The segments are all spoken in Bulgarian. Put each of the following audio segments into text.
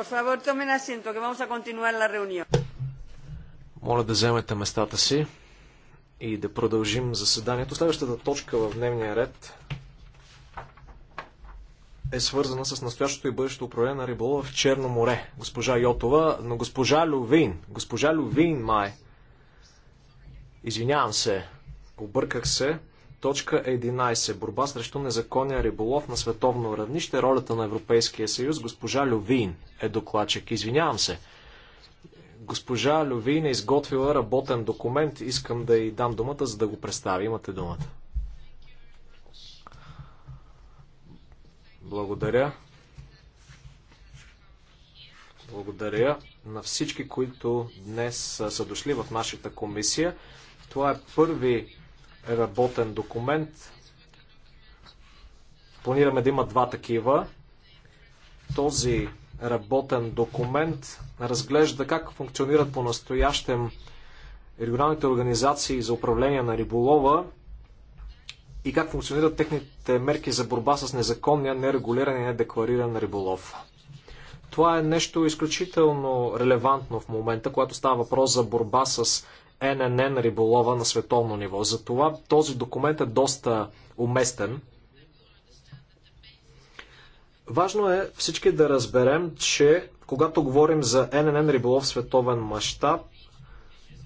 Por favor, tomen asiento, que vamos a continuar la reunión. Моля да вземете местата си и да продължим заседанието. Следващата точка в дневния ред е свързана с настоящото и бъдещето управление на риболова в Черно море. Госпожа Йотова, но госпожа Лювин, госпожа Лювин май. Извинявам се, обърках се. Точка 11. Борба срещу незаконния риболов на световно равнище. Ролята на Европейския съюз. Госпожа Лювин е докладчик. Извинявам се. Госпожа Лювин е изготвила работен документ. Искам да й дам думата, за да го представи. Имате думата. Благодаря. Благодаря на всички, които днес са дошли в нашата комисия. Това е първи работен документ. Планираме да има два такива. Този работен документ разглежда как функционират по-настоящем регионалните организации за управление на риболова и как функционират техните мерки за борба с незаконния, нерегулиран и недеклариран риболов. Това е нещо изключително релевантно в момента, когато става въпрос за борба с ННН риболова на световно ниво. Затова този документ е доста уместен. Важно е всички да разберем, че когато говорим за ННН риболов в световен мащаб,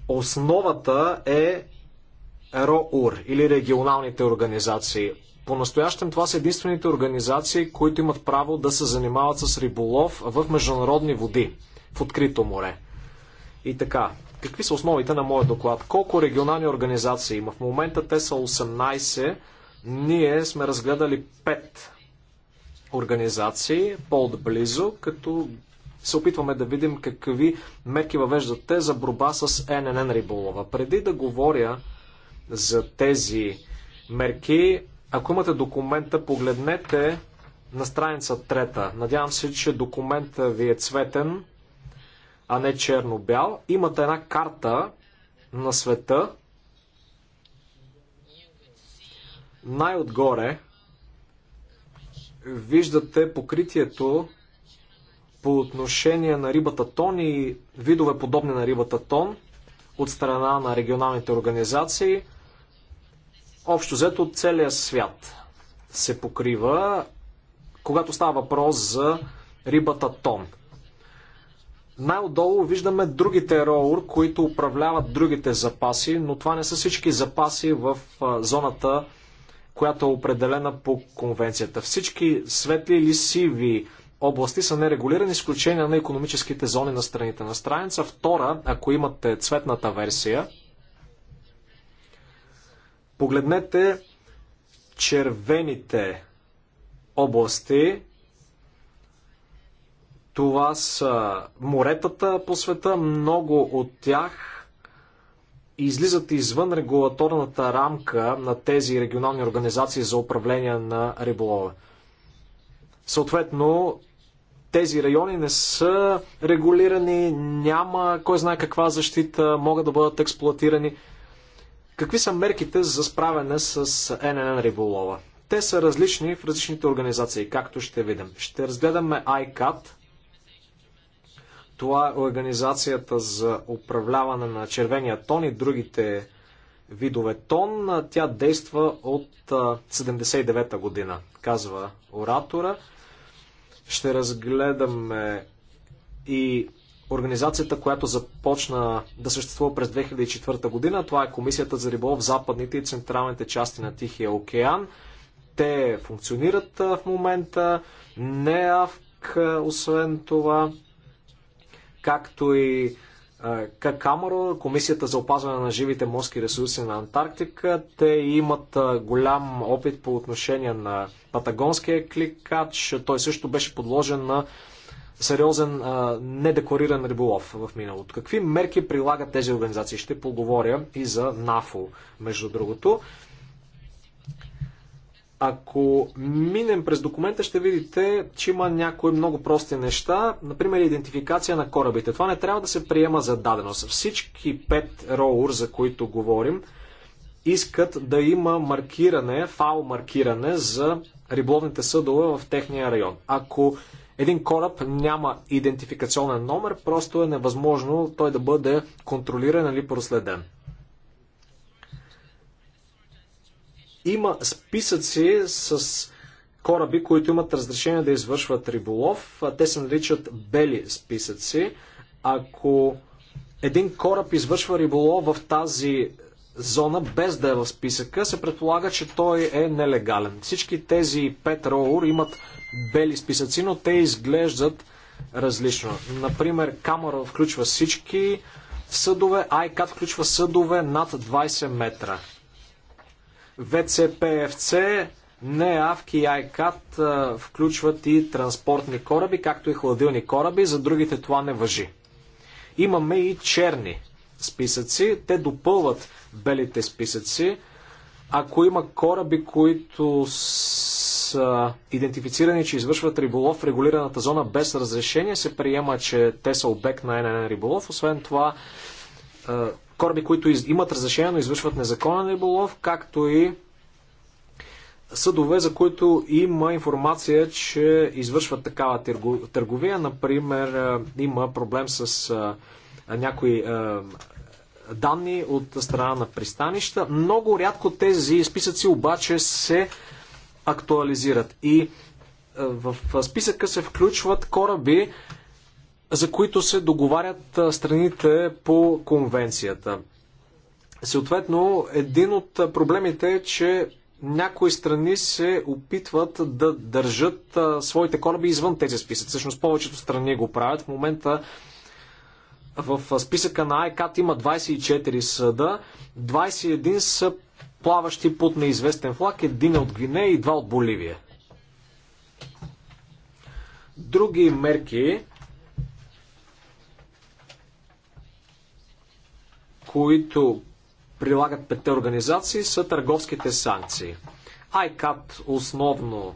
основата е РОУР или регионалните организации. По-настоящем това са единствените организации, които имат право да се занимават с риболов в международни води, в открито море. И така, Какви са основите на моя доклад? Колко регионални организации има? В момента те са 18. Ние сме разгледали 5 организации по-отблизо, като се опитваме да видим какви мерки въвеждат те за борба с ННН риболова. Преди да говоря за тези мерки, ако имате документа, погледнете на страница трета. Надявам се, че документа ви е цветен а не черно-бял. Имате една карта на света. Най-отгоре виждате покритието по отношение на рибата тон и видове подобни на рибата тон от страна на регионалните организации. Общо взето от целия свят се покрива, когато става въпрос за рибата тон. Най-отдолу виждаме другите роур, които управляват другите запаси, но това не са всички запаси в зоната, която е определена по конвенцията. Всички светли или сиви области са нерегулирани, изключение на економическите зони на страните на страница. Втора, ако имате цветната версия, погледнете червените области, това са моретата по света, много от тях излизат извън регулаторната рамка на тези регионални организации за управление на риболова. Съответно, тези райони не са регулирани, няма кой знае каква защита, могат да бъдат експлуатирани. Какви са мерките за справяне с ННН риболова? Те са различни в различните организации, както ще видим. Ще разгледаме ICAT, това е Организацията за управляване на червения тон и другите видове тон. Тя действа от 79-та година, казва оратора. Ще разгледаме и организацията, която започна да съществува през 2004 година. Това е Комисията за риболов в западните и централните части на Тихия океан. Те функционират в момента. НЕАВК, освен това, както и Камаро, Комисията за опазване на живите морски ресурси на Антарктика. Те имат голям опит по отношение на патагонския кликач. Той също беше подложен на сериозен недекориран риболов в миналото. Какви мерки прилагат тези организации? Ще поговоря и за НАФО, между другото. Ако минем през документа, ще видите, че има някои много прости неща, например идентификация на корабите. Това не трябва да се приема за даденост. Всички пет роур, за които говорим, искат да има маркиране, фау маркиране за рибловните съдове в техния район. Ако един кораб няма идентификационен номер, просто е невъзможно той да бъде контролиран или проследен. Има списъци с кораби, които имат разрешение да извършват риболов. Те се наричат бели списъци. Ако един кораб извършва риболов в тази зона, без да е в списъка, се предполага, че той е нелегален. Всички тези пет роур имат бели списъци, но те изглеждат различно. Например, камера включва всички съдове, Айкат включва съдове над 20 метра. ВЦПФЦ, НЕАВК и АЙКАТ включват и транспортни кораби, както и хладилни кораби. За другите това не въжи. Имаме и черни списъци. Те допълват белите списъци. Ако има кораби, които са идентифицирани, че извършват риболов в регулираната зона без разрешение, се приема, че те са обект на ННН риболов. Освен това, кораби, които имат разрешение, но извършват незаконен риболов, както и съдове, за които има информация, че извършват такава търговия. Например, има проблем с някои данни от страна на пристанища. Много рядко тези списъци обаче се актуализират. И в списъка се включват кораби, за които се договарят страните по конвенцията. Съответно, един от проблемите е, че някои страни се опитват да държат своите кораби извън тези списъци. Всъщност повечето страни го правят. В момента в списъка на Айкат има 24 съда, 21 са плаващи под неизвестен флаг, един е от Гвинея и два от Боливия. Други мерки, които прилагат петте организации, са търговските санкции. ICAT основно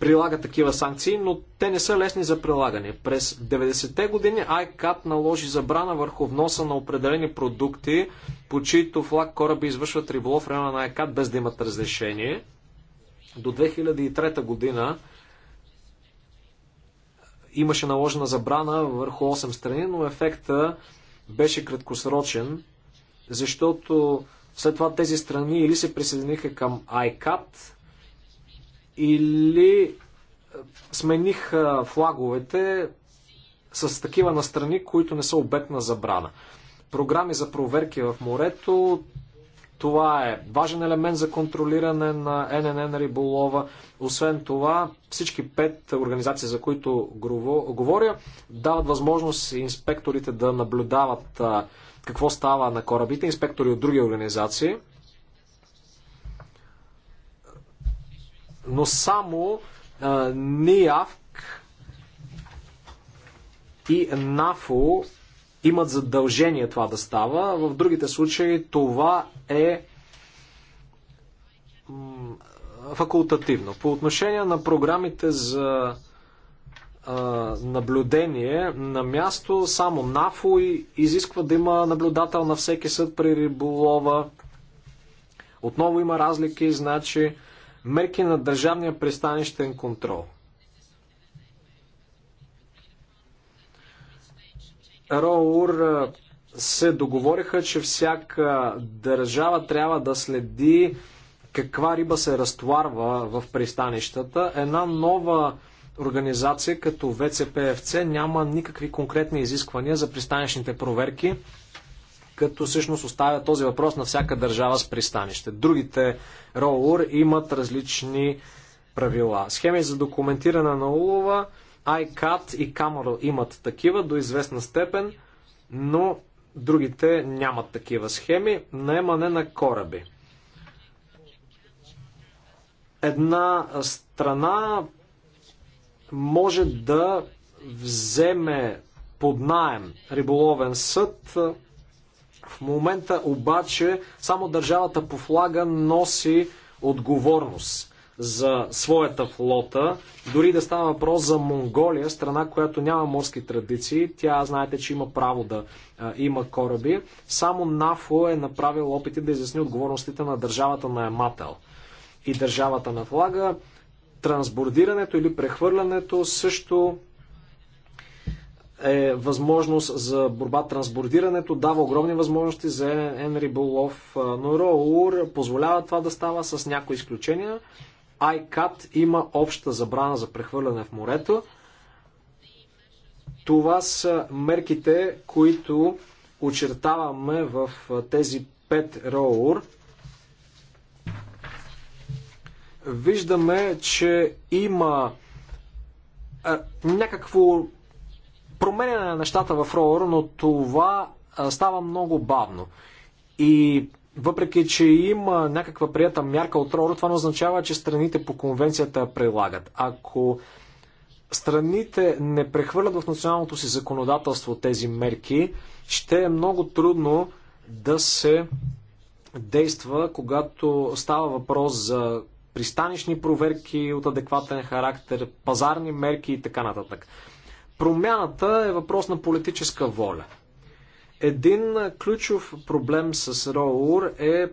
прилага такива санкции, но те не са лесни за прилагане. През 90-те години ICAT наложи забрана върху вноса на определени продукти, по чието флаг кораби извършват риболов в района на ICAT без да имат разрешение. До 2003 година имаше наложена забрана върху 8 страни, но ефекта беше краткосрочен, защото след това тези страни или се присъединиха към ICAT, или е, смениха флаговете с такива на страни, които не са обект на забрана. Програми за проверки в морето, това е важен елемент за контролиране на ННН риболова. Освен това, всички пет организации, за които говоря, дават възможност инспекторите да наблюдават какво става на корабите, инспектори от други организации. Но само НИАВК и НАФО имат задължение това да става. В другите случаи това е факултативно. По отношение на програмите за наблюдение на място, само НАФО и изисква да има наблюдател на всеки съд при риболова. Отново има разлики, значи мерки на държавния пристанищен контрол. Роур се договориха, че всяка държава трябва да следи каква риба се разтоварва в пристанищата. Една нова организация като ВЦПФЦ няма никакви конкретни изисквания за пристанищните проверки, като всъщност оставя този въпрос на всяка държава с пристанище. Другите РОУР имат различни правила. Схеми за документиране на улова – iCat и Camera имат такива до известна степен, но другите нямат такива схеми. Наемане на кораби. Една страна може да вземе под найем риболовен съд. В момента обаче само държавата по флага носи отговорност за своята флота, дори да става въпрос за Монголия, страна, която няма морски традиции. Тя, знаете, че има право да а, има кораби. Само НАФО е направил опити да изясни отговорностите на държавата на Емател и държавата на флага. Трансбордирането или прехвърлянето също е възможност за борба трансбордирането, дава огромни възможности за Енри Булов, но Роур позволява това да става с някои изключения. ICAT има обща забрана за прехвърляне в морето. Това са мерките, които очертаваме в тези 5 роур. Виждаме, че има а, някакво променяне на нещата в роур, но това а, става много бавно. И въпреки че има някаква прията мярка от РОРО, това не означава, че страните по конвенцията я прилагат. Ако страните не прехвърлят в националното си законодателство тези мерки, ще е много трудно да се действа, когато става въпрос за пристанищни проверки от адекватен характер, пазарни мерки и така нататък. Промяната е въпрос на политическа воля. Един ключов проблем с РОУР е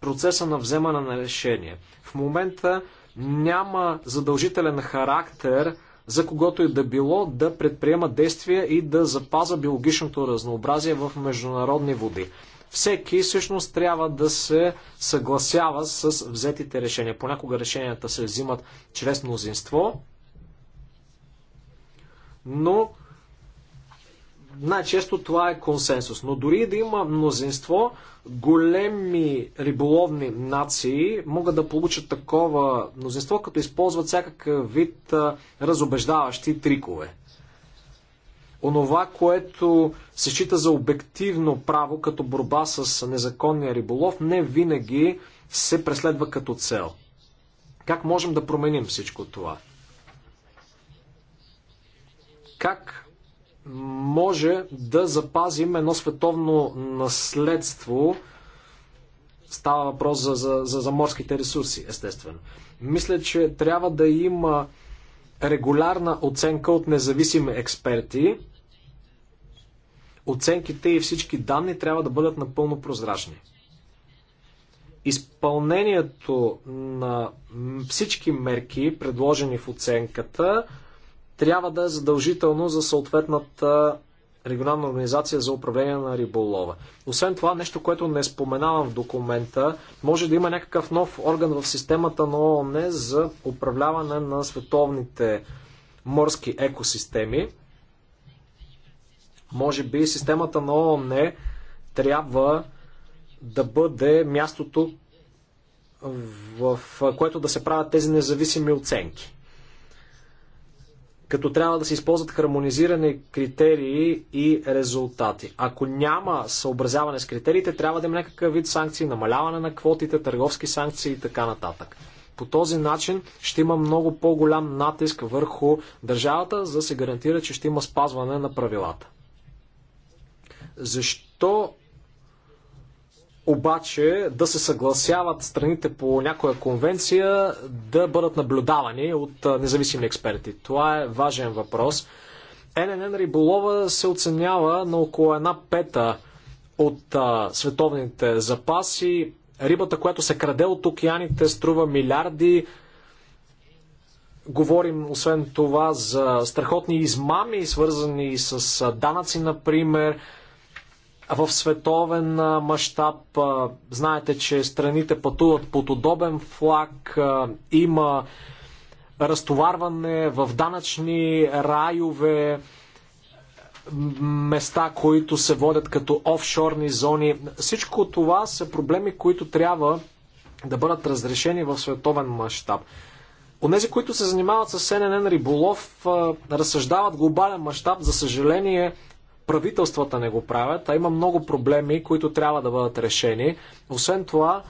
процеса на вземане на решение. В момента няма задължителен характер за когото и да било да предприема действия и да запаза биологичното разнообразие в международни води. Всеки всъщност трябва да се съгласява с взетите решения. Понякога решенията се взимат чрез мнозинство, но най-често това е консенсус. Но дори да има мнозинство, големи риболовни нации могат да получат такова мнозинство, като използват всякакъв вид разобеждаващи трикове. Онова, което се счита за обективно право като борба с незаконния риболов, не винаги се преследва като цел. Как можем да променим всичко това? Как може да запазим едно световно наследство. Става въпрос за, за, за, за морските ресурси, естествено. Мисля, че трябва да има регулярна оценка от независими експерти. Оценките и всички данни трябва да бъдат напълно прозрачни. Изпълнението на всички мерки, предложени в оценката, трябва да е задължително за съответната регионална организация за управление на риболова. Освен това, нещо, което не споменавам в документа, може да има някакъв нов орган в системата на ООН за управляване на световните морски екосистеми. Може би системата на ООН трябва да бъде мястото, в което да се правят тези независими оценки като трябва да се използват хармонизирани критерии и резултати. Ако няма съобразяване с критериите, трябва да има някакъв вид санкции, намаляване на квотите, търговски санкции и така нататък. По този начин ще има много по-голям натиск върху държавата, за да се гарантира, че ще има спазване на правилата. Защо обаче да се съгласяват страните по някоя конвенция да бъдат наблюдавани от независими експерти. Това е важен въпрос. ННН риболова се оценява на около една пета от а, световните запаси. Рибата, която се краде от океаните, струва милиарди. Говорим, освен това, за страхотни измами, свързани с данъци, например в световен мащаб. Знаете, че страните пътуват под удобен флаг, има разтоварване в данъчни райове, места, които се водят като офшорни зони. Всичко това са проблеми, които трябва да бъдат разрешени в световен мащаб. Онези, които се занимават с СНН риболов, разсъждават глобален мащаб. За съжаление, правителствата не го правят, а има много проблеми, които трябва да бъдат решени. Освен това,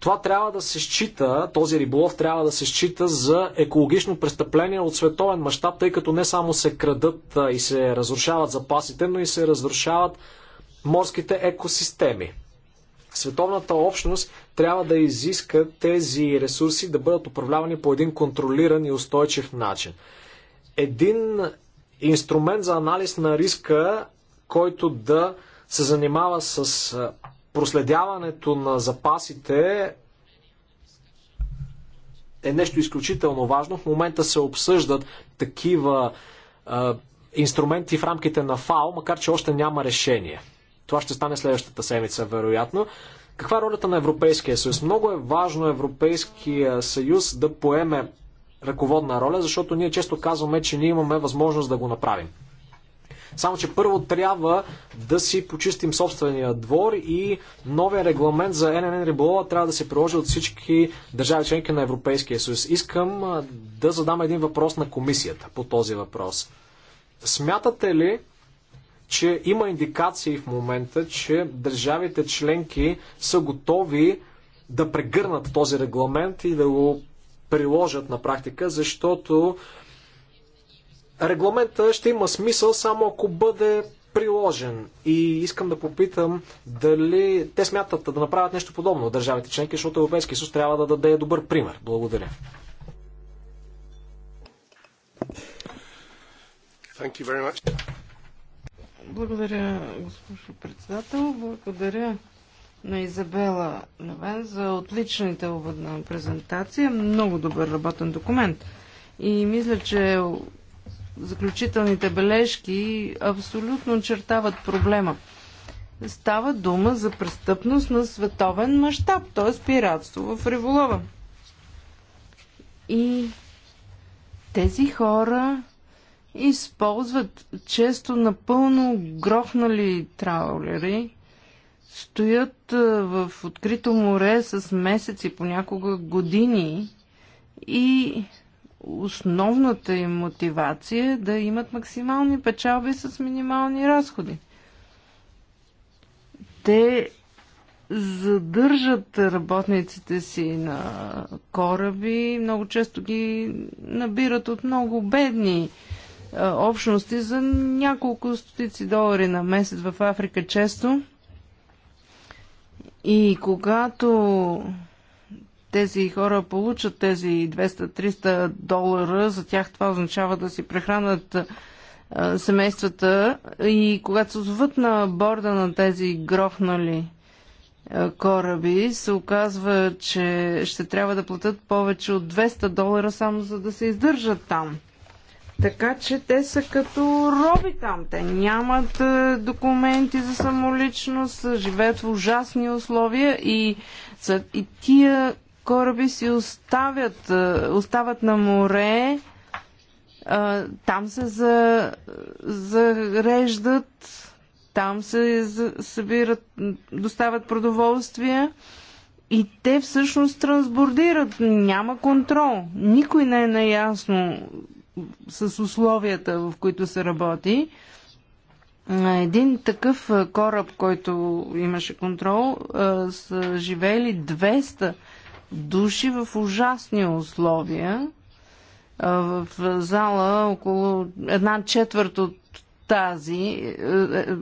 това трябва да се счита, този риболов трябва да се счита за екологично престъпление от световен мащаб, тъй като не само се крадат и се разрушават запасите, но и се разрушават морските екосистеми. Световната общност трябва да изиска тези ресурси да бъдат управлявани по един контролиран и устойчив начин. Един инструмент за анализ на риска, който да се занимава с проследяването на запасите е нещо изключително важно. В момента се обсъждат такива а, инструменти в рамките на ФАО, макар че още няма решение. Това ще стане следващата седмица, вероятно. Каква е ролята на Европейския съюз? Много е важно Европейския съюз да поеме ръководна роля, защото ние често казваме, че ние имаме възможност да го направим. Само, че първо трябва да си почистим собствения двор и новия регламент за ННН риболова трябва да се приложи от всички държави членки на Европейския съюз. Искам да задам един въпрос на комисията по този въпрос. Смятате ли, че има индикации в момента, че държавите членки са готови да прегърнат този регламент и да го приложат на практика, защото регламента ще има смисъл само ако бъде приложен. И искам да попитам дали те смятат да направят нещо подобно от държавите членки, защото Европейския съюз трябва да даде добър пример. Благодаря. Благодаря, госпожо председател. Благодаря на Изабела Левен за отличната уводна презентация. Много добър работен документ. И мисля, че заключителните бележки абсолютно очертават проблема. Става дума за престъпност на световен мащаб, т.е. пиратство в револова. И тези хора използват често напълно грохнали траулери, стоят в открито море с месеци, понякога години и основната им мотивация е да имат максимални печалби с минимални разходи. Те задържат работниците си на кораби, много често ги набират от много бедни общности за няколко стотици долари на месец в Африка често и когато тези хора получат тези 200-300 долара, за тях това означава да си прехранат семействата и когато се озоват на борда на тези грохнали кораби, се оказва, че ще трябва да платят повече от 200 долара само за да се издържат там. Така че те са като роби там. Те нямат е, документи за самоличност, живеят в ужасни условия и, и тия кораби си оставят, е, остават на море, е, там се за, зареждат, там се събират, доставят продоволствия и те всъщност трансбордират. Няма контрол. Никой не е наясно с условията, в които се работи. Един такъв кораб, който имаше контрол, са живели 200 души в ужасни условия. В зала около една четвърт от тази,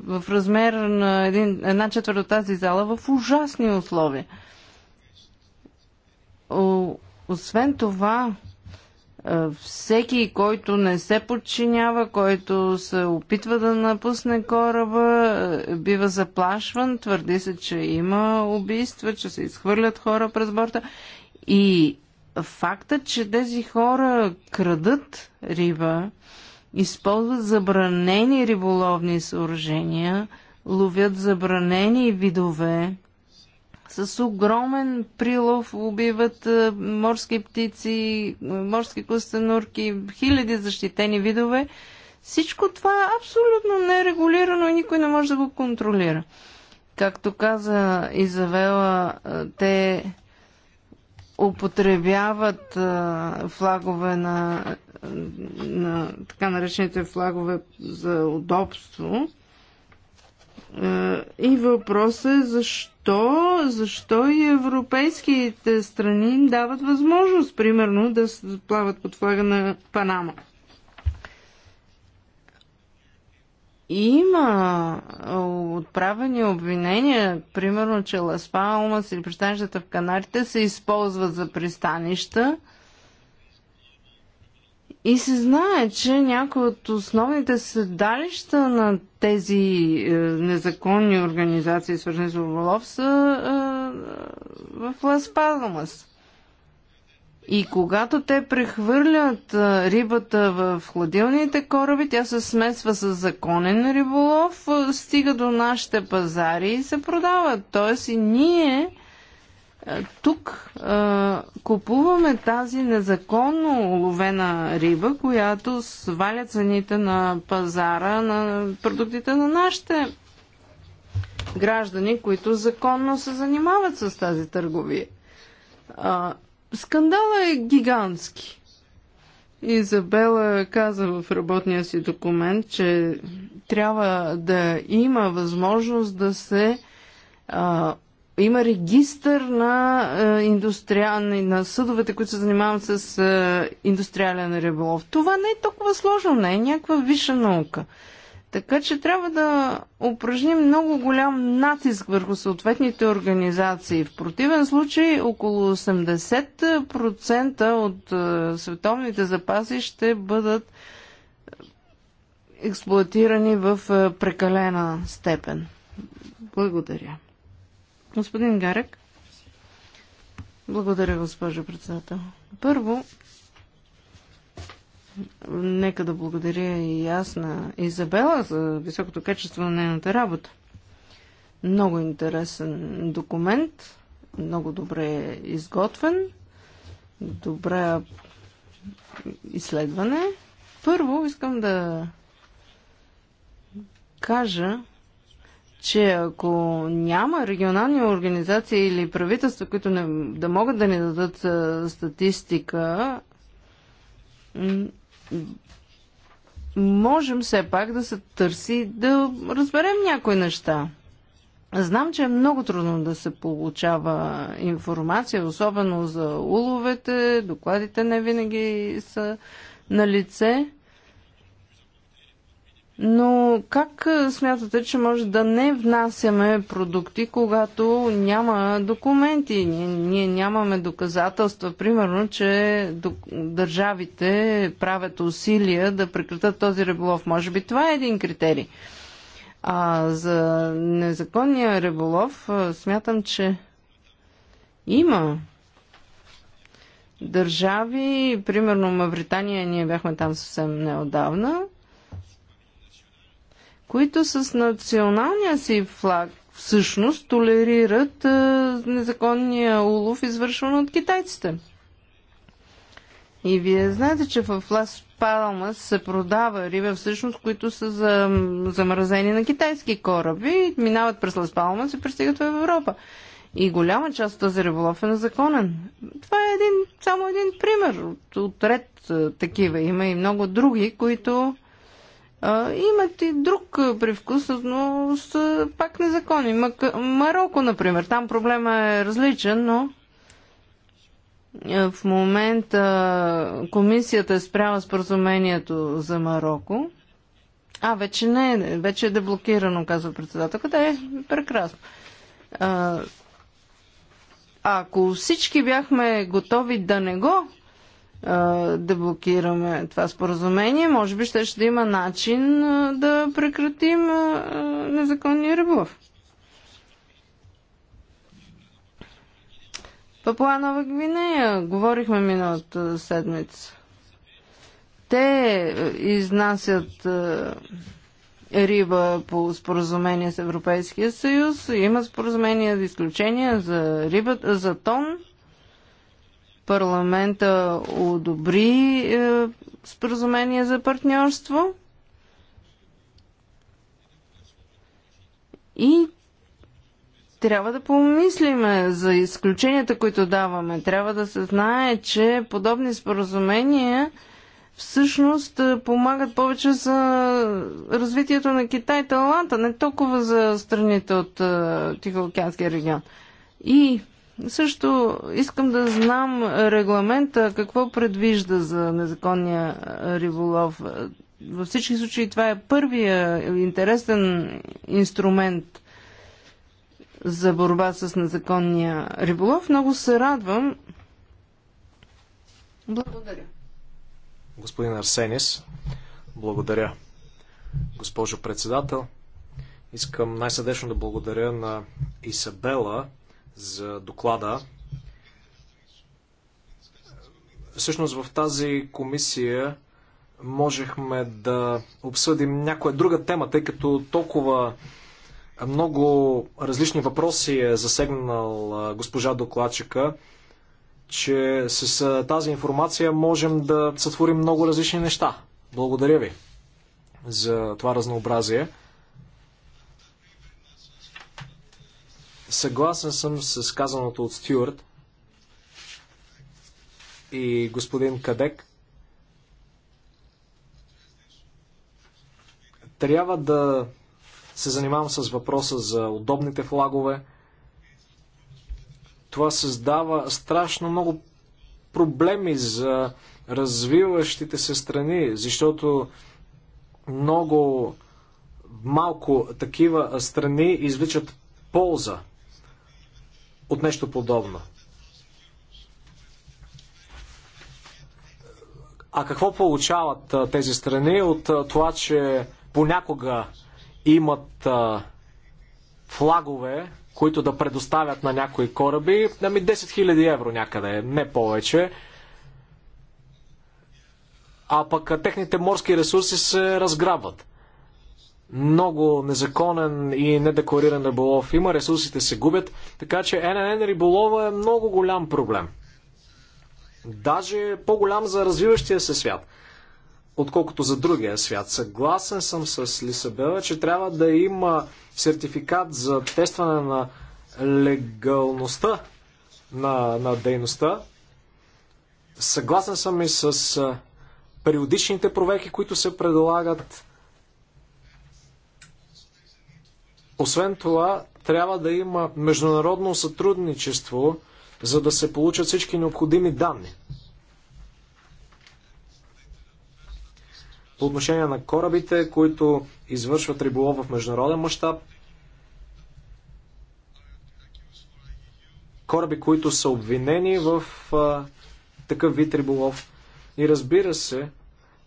в размер на един, една четвърт от тази зала в ужасни условия. Освен това, е, всеки, който не се подчинява, който се опитва да напусне кораба, е, бива заплашван, твърди се, че има убийства, че се изхвърлят хора през борта. И фактът, че тези хора крадат риба, използват забранени риболовни съоръжения, ловят забранени видове, с огромен прилов убиват е, морски птици, е, морски костенурки, хиляди защитени видове. Всичко това е абсолютно нерегулирано и никой не може да го контролира. Както каза Изавела, е, те употребяват флагове на, на така наречените флагове за удобство. И въпросът е защо защо, защо и европейските страни им дават възможност, примерно, да плават под флага на Панама. Има отправени обвинения, примерно, че Лас Палмас или пристанищата в Канарите се използват за пристанища – и се знае, че някои от основните седалища на тези е, незаконни организации, свързани с Оволов, са е, е, в Лас Паламас. И когато те прехвърлят е, рибата в хладилните кораби, тя се смесва с законен риболов, е, стига до нашите пазари и се продават. Тоест и ние е, тук а, е, купуваме тази незаконно ловена риба, която сваля цените на пазара на продуктите на нашите граждани, които законно се занимават с тази търговия. А, скандала е гигантски. Изабела каза в работния си документ, че трябва да има възможност да се а, има регистър на, е, индустриални, на съдовете, които се занимават с е, индустриален риболов. Това не е толкова сложно, не е някаква висша наука. Така че трябва да упражним много голям натиск върху съответните организации. В противен случай около 80% от е, световните запаси ще бъдат експлуатирани в прекалена степен. Благодаря. Господин Гарек. Благодаря, госпожо председател. Първо, нека да благодаря и аз на Изабела за високото качество на нейната работа. Много интересен документ, много добре изготвен, добре изследване. Първо искам да кажа, че ако няма регионални организации или правителства, които не, да могат да ни дадат статистика, можем все пак да се търси да разберем някои неща. Знам, че е много трудно да се получава информация, особено за уловете, докладите не винаги са на лице. Но как смятате, че може да не внасяме продукти, когато няма документи? Ние, ние нямаме доказателства, примерно, че държавите правят усилия да прекратат този риболов. Може би това е един критерий. А за незаконния риболов смятам, че има държави, примерно Мавритания, ние бяхме там съвсем неодавна, които с националния си флаг всъщност толерират незаконния улов, извършван от китайците. И вие знаете, че в Лас Палма се продава риба, всъщност, които са за замразени на китайски кораби, минават през Лас Палма и пристигат в Европа. И голяма част от този риболов е незаконен. Това е един, само един пример. От, от ред такива има и много други, които а, имат и друг привкус, но са пак незаконни. Мак... Марокко, например, там проблема е различен, но в момента комисията е спряла споразумението за Марокко. А, вече не е, вече е деблокирано, казва Да Е, прекрасно. А, ако всички бяхме готови да не го да блокираме това споразумение. Може би ще, ще има начин да прекратим незаконния ръбов. Папуа Нова Гвинея, говорихме миналата седмица. Те изнасят риба по споразумение с Европейския съюз. Има споразумение за изключение за, рибата, за тон – парламента одобри е, споразумение за партньорство и трябва да помислиме за изключенията, които даваме. Трябва да се знае, че подобни споразумения всъщност е, помагат повече за развитието на Китай и Таланта, не толкова за страните от е, Тихоокеанския регион. И също искам да знам регламента какво предвижда за незаконния риболов. Във всички случаи това е първия интересен инструмент за борба с незаконния риболов. Много се радвам. Благодаря. Господин Арсенис, благодаря. Госпожо председател, искам най съдешно да благодаря на Исабела, за доклада. Всъщност в тази комисия можехме да обсъдим някоя друга тема, тъй като толкова много различни въпроси е засегнал госпожа докладчика, че с тази информация можем да сътворим много различни неща. Благодаря ви за това разнообразие. Съгласен съм с казаното от Стюарт и господин Кадек. Трябва да се занимавам с въпроса за удобните флагове. Това създава страшно много проблеми за развиващите се страни, защото много малко такива страни извличат полза от нещо подобно. А какво получават а, тези страни от а, това, че понякога имат а, флагове, които да предоставят на някои кораби? Ами 10 000 евро някъде, не повече. А пък техните морски ресурси се разграбват много незаконен и недекориран риболов има, ресурсите се губят, така че ННН риболова е много голям проблем. Даже е по-голям за развиващия се свят, отколкото за другия свят. Съгласен съм с Лисабела, че трябва да има сертификат за тестване на легалността на, на дейността. Съгласен съм и с периодичните проверки, които се предлагат Освен това, трябва да има международно сътрудничество, за да се получат всички необходими данни. По отношение на корабите, които извършват риболов в международен мащаб, кораби, които са обвинени в а, такъв вид риболов. И разбира се,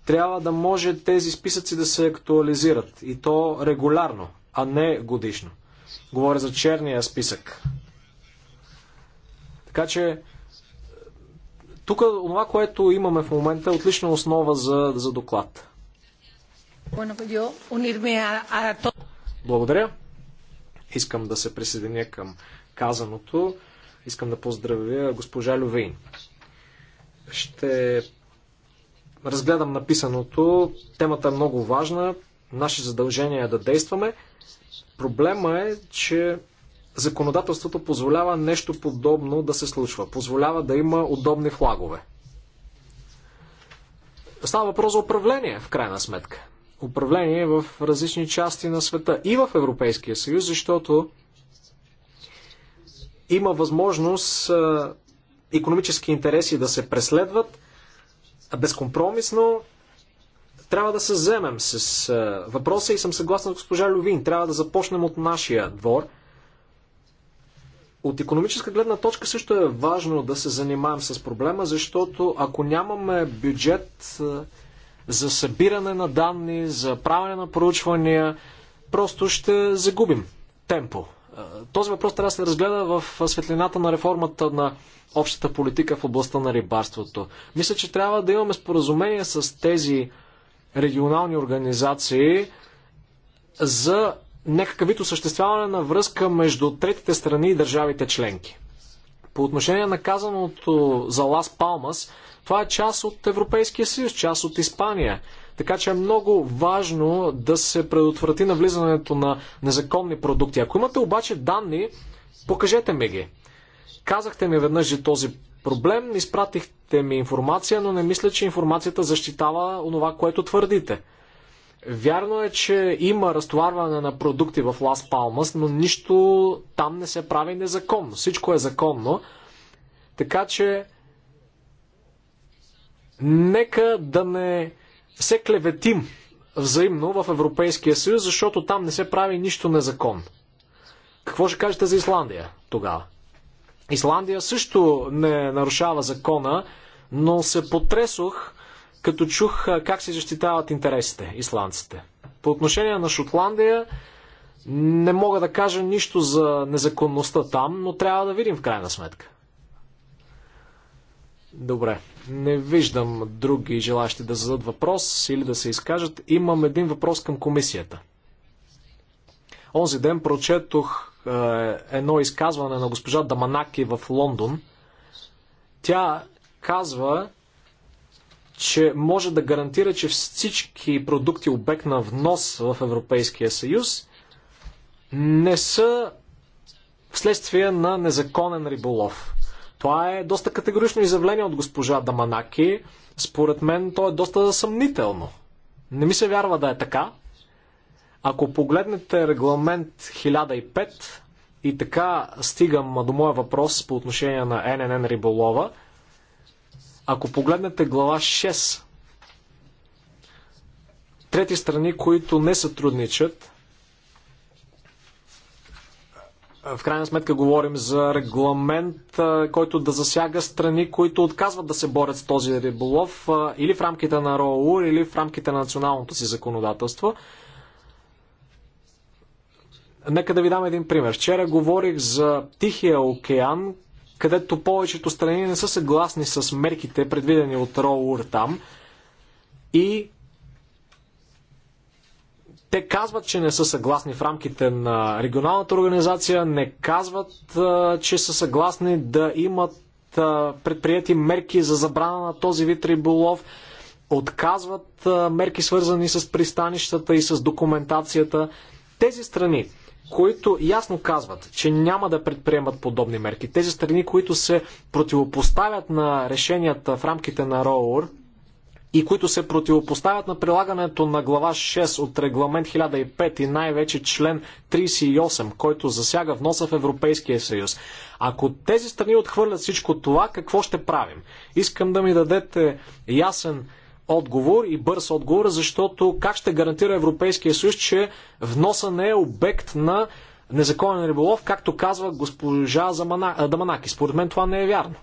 трябва да може тези списъци да се актуализират и то регулярно, а не годишно. Говоря за черния списък. Така че, тук това, което имаме в момента е отлична основа за, за доклад. Благодаря. Искам да се присъединя към казаното. Искам да поздравя госпожа Лювейн. Ще разгледам написаното. Темата е много важна. Наше задължение е да действаме. Проблема е, че законодателството позволява нещо подобно да се случва. Позволява да има удобни флагове. Става въпрос за управление, в крайна сметка. Управление в различни части на света и в Европейския съюз, защото има възможност економически интереси да се преследват безкомпромисно трябва да се вземем с въпроса и съм съгласен с госпожа Лювин. Трябва да започнем от нашия двор. От економическа гледна точка също е важно да се занимаем с проблема, защото ако нямаме бюджет за събиране на данни, за правене на проучвания, просто ще загубим темпо. Този въпрос трябва да се разгледа в светлината на реформата на общата политика в областта на рибарството. Мисля, че трябва да имаме споразумение с тези регионални организации за някакъв вид осъществяване на връзка между третите страни и държавите членки. По отношение на казаното за Лас Палмас, това е част от Европейския съюз, част от Испания. Така че е много важно да се предотврати навлизането на незаконни продукти. Ако имате обаче данни, покажете ми ги. Казахте ми веднъж, че този проблем. Изпратихте ми информация, но не мисля, че информацията защитава онова, което твърдите. Вярно е, че има разтоварване на продукти в Лас Палмас, но нищо там не се прави незаконно. Всичко е законно. Така че нека да не се клеветим взаимно в Европейския съюз, защото там не се прави нищо незаконно. Какво ще кажете за Исландия тогава? Исландия също не нарушава закона, но се потресох, като чух как се защитават интересите исландците. По отношение на Шотландия, не мога да кажа нищо за незаконността там, но трябва да видим в крайна сметка. Добре. Не виждам други желащи да зададат въпрос или да се изкажат. Имам един въпрос към комисията. Онзи ден прочетох е, едно изказване на госпожа Даманаки в Лондон. Тя казва, че може да гарантира, че всички продукти обект на внос в Европейския съюз не са вследствие на незаконен риболов. Това е доста категорично изявление от госпожа Даманаки. Според мен то е доста съмнително. Не ми се вярва да е така. Ако погледнете регламент 1005 и така стигам до моя въпрос по отношение на ННН Риболова, ако погледнете глава 6, трети страни, които не сътрудничат, в крайна сметка говорим за регламент, който да засяга страни, които отказват да се борят с този риболов или в рамките на РОУ, или в рамките на националното си законодателство – Нека да ви дам един пример. Вчера говорих за Тихия океан, където повечето страни не са съгласни с мерките, предвидени от РОУР там. И те казват, че не са съгласни в рамките на регионалната организация, не казват, че са съгласни да имат предприяти мерки за забрана на този вид риболов, отказват мерки свързани с пристанищата и с документацията. Тези страни които ясно казват, че няма да предприемат подобни мерки. Тези страни, които се противопоставят на решенията в рамките на РОУР и които се противопоставят на прилагането на глава 6 от регламент 1005 и най-вече член 38, който засяга вноса в Европейския съюз. Ако тези страни отхвърлят всичко това, какво ще правим? Искам да ми дадете ясен отговор и бърз отговор, защото как ще гарантира Европейския съюз, че вноса не е обект на незаконен риболов, както казва госпожа Даманаки. Според мен това не е вярно.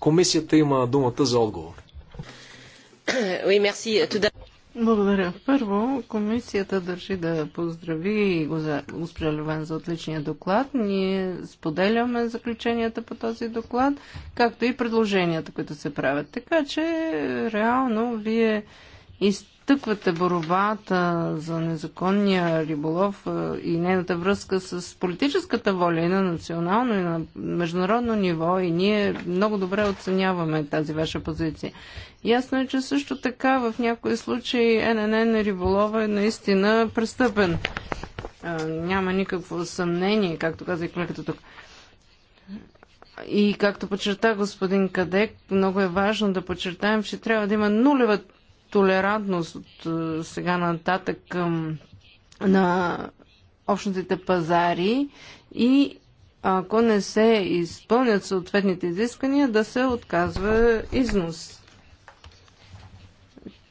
Комисията има думата за отговор. Благодаря. Първо, комисията държи да поздрави госпожа Левен за отличния доклад. Ние споделяме заключенията по този доклад, както и предложенията, които се правят. Така че, реално, вие изтъквате изтъквате борбата за незаконния риболов е, и нейната връзка с политическата воля и на национално и на международно ниво и ние много добре оценяваме тази ваша позиция. Ясно е, че също така в някои случаи ННН риболова е наистина престъпен. Е, няма никакво съмнение, както каза и тук. И както подчерта господин Кадек, много е важно да подчертаем, че трябва да има нулева толерантност от е, сега нататък към на общностите пазари и ако не се изпълнят съответните изисквания, да се отказва износ.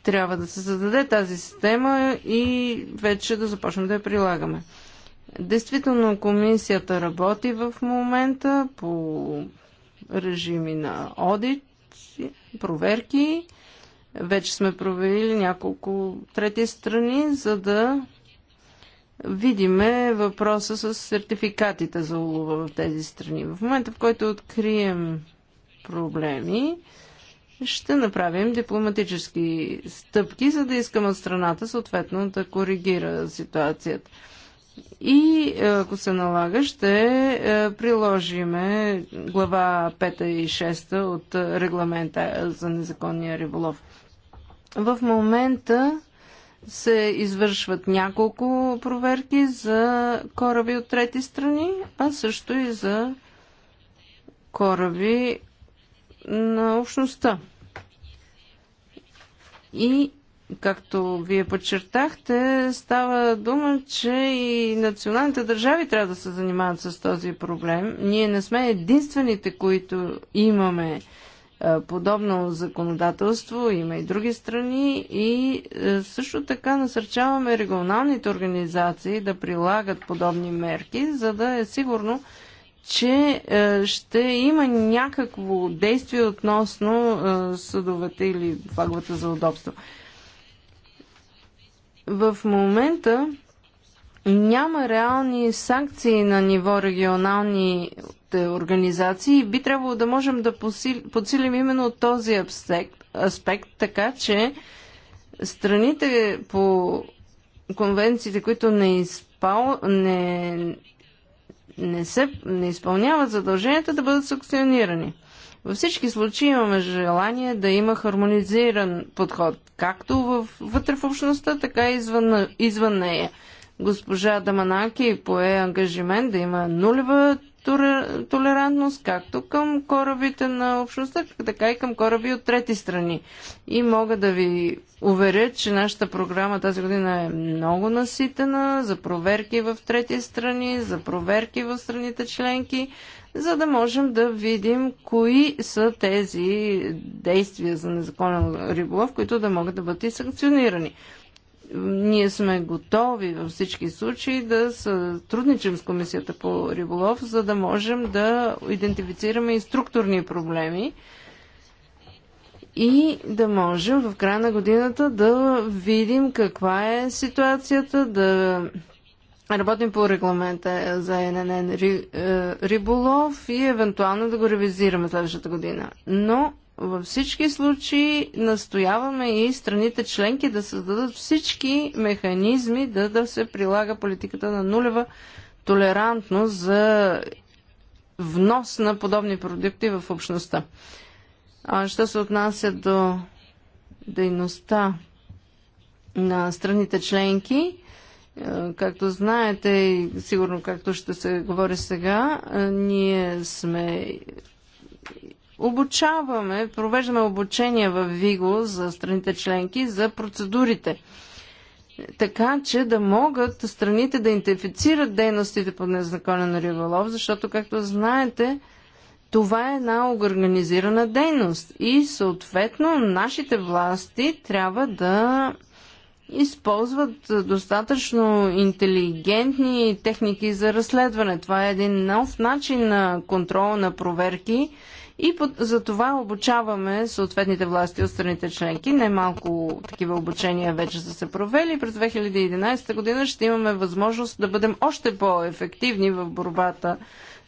Трябва да се създаде тази система и вече да започнем да я прилагаме. Действително комисията работи в момента по режими на одит, проверки вече сме проверили няколко трети страни, за да видиме въпроса с сертификатите за улова в тези страни. В момента, в който открием проблеми, ще направим дипломатически стъпки, за да искаме от страната съответно да коригира ситуацията. И ако се налага, ще е, приложиме глава 5 и 6 от регламента за незаконния риболов. В момента се извършват няколко проверки за кораби от трети страни, а също и за кораби на общността. И, както вие подчертахте, става дума, че и националните държави трябва да се занимават с този проблем. Ние не сме единствените, които имаме е, подобно законодателство, има и други страни и е, също така насърчаваме регионалните организации да прилагат подобни мерки, за да е сигурно, че е, ще има някакво действие относно съдовете или флаговата за удобство. В момента няма реални санкции на ниво регионални организации и би трябвало да можем да подсилим именно този аспект, аспект така че страните по конвенциите, които не, изпал, не, не, се, не изпълняват задълженията, да бъдат санкционирани. Във всички случаи имаме желание да има хармонизиран подход, както в, вътре в общността, така и извън, извън нея. Госпожа Даманаки пое ангажимент да има нулева толерантност както към корабите на общността, така и към кораби от трети страни. И мога да ви уверя, че нашата програма тази година е много наситена за проверки в трети страни, за проверки в страните членки, за да можем да видим кои са тези действия за незаконен риболов, които да могат да бъдат и санкционирани. Ние сме готови във всички случаи да сътрудничим с Комисията по риболов, за да можем да идентифицираме и структурни проблеми и да можем в края на годината да видим каква е ситуацията, да работим по регламента за ННН е, риболов и евентуално да го ревизираме следващата година. Но във всички случаи настояваме и страните членки да създадат всички механизми да, да се прилага политиката на нулева толерантност за внос на подобни продукти в общността. А що се отнася до дейността на страните членки, е, както знаете и сигурно както ще се говори сега, е, ние сме Обучаваме, провеждаме обучение в Виго за страните членки за процедурите така че да могат страните да идентифицират дейностите по незаконен риболов, защото, както знаете, това е една организирана дейност и съответно нашите власти трябва да използват достатъчно интелигентни техники за разследване. Това е един нов начин на контрол на проверки, и под, за това обучаваме съответните власти от страните членки. Немалко такива обучения вече са се провели. През 2011 година ще имаме възможност да бъдем още по-ефективни в борбата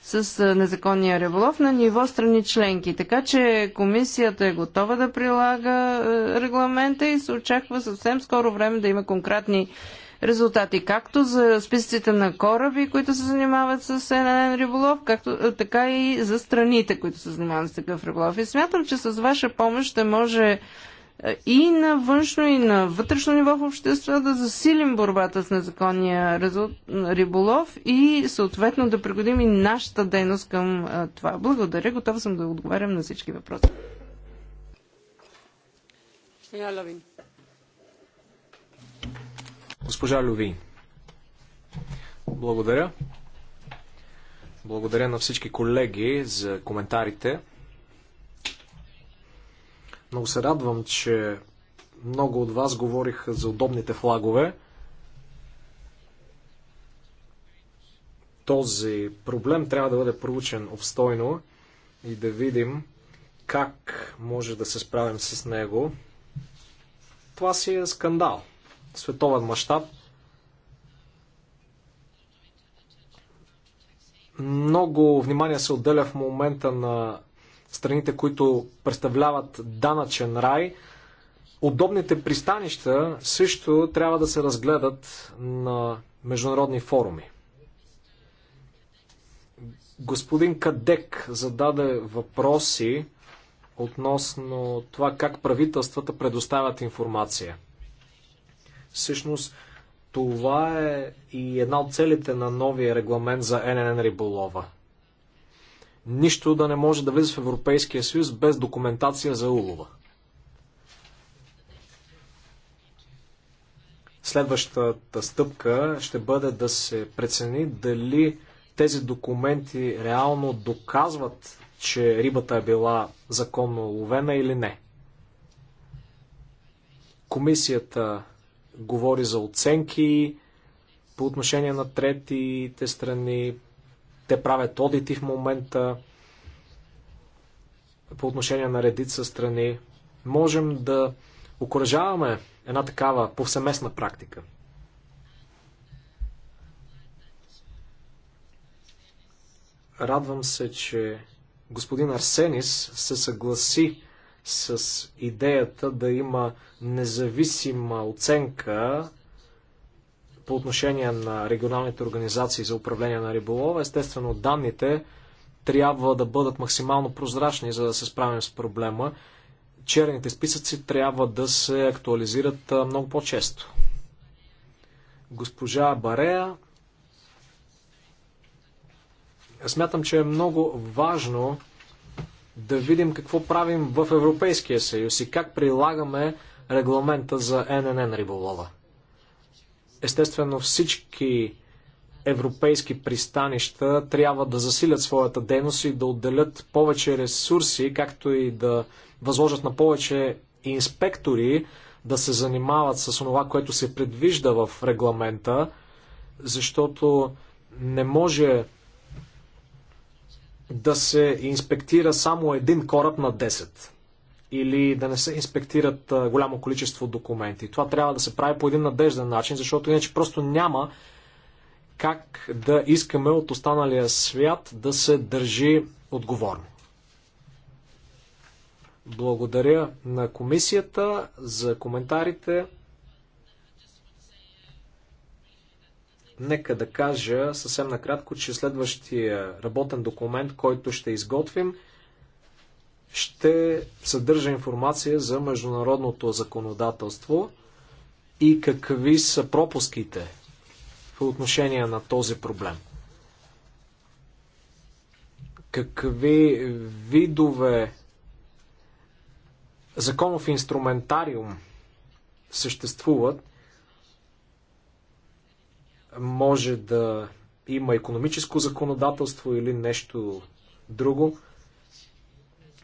с незаконния револов на ниво страни членки. Така че комисията е готова да прилага регламента и се очаква съвсем скоро време да има конкретни резултати както за списъците на кораби, които се занимават с ННН риболов, както, така и за страните, които се занимават с такъв риболов. И смятам, че с ваша помощ ще може и на външно, и на вътрешно ниво в общество да засилим борбата с незаконния риболов и съответно да пригодим и нашата дейност към това. Благодаря, готова съм да отговарям на всички въпроси. Господин Лавин. Госпожа Лювин. Благодаря. Благодаря на всички колеги за коментарите. Много се радвам, че много от вас говориха за удобните флагове. Този проблем трябва да бъде проучен обстойно и да видим как може да се справим с него. Това си е скандал световен мащаб. Много внимание се отделя в момента на страните, които представляват данъчен рай. Удобните пристанища също трябва да се разгледат на международни форуми. Господин Кадек зададе въпроси относно това как правителствата предоставят информация – Всъщност това е и една от целите на новия регламент за ННН риболова. Нищо да не може да влиза в Европейския съюз без документация за улова. Следващата стъпка ще бъде да се прецени дали тези документи реално доказват, че рибата е била законно ловена или не. Комисията говори за оценки по отношение на третите страни. Те правят одити в момента по отношение на редица страни. Можем да окоръжаваме една такава повсеместна практика. Радвам се, че господин Арсенис се съгласи с идеята да има независима оценка по отношение на регионалните организации за управление на риболова. Естествено, данните трябва да бъдат максимално прозрачни, за да се справим с проблема. Черните списъци трябва да се актуализират много по-често. Госпожа Барея, смятам, че е много важно да видим какво правим в Европейския съюз и как прилагаме регламента за ННН риболова. Естествено всички европейски пристанища трябва да засилят своята дейност и да отделят повече ресурси, както и да възложат на повече инспектори да се занимават с това, което се предвижда в регламента, защото не може да се инспектира само един кораб на 10 или да не се инспектират голямо количество документи. Това трябва да се прави по един надежден начин, защото иначе просто няма как да искаме от останалия свят да се държи отговорно. Благодаря на комисията за коментарите. Нека да кажа съвсем накратко, че следващия работен документ, който ще изготвим, ще съдържа информация за международното законодателство и какви са пропуските по отношение на този проблем. Какви видове законов инструментариум съществуват може да има економическо законодателство или нещо друго.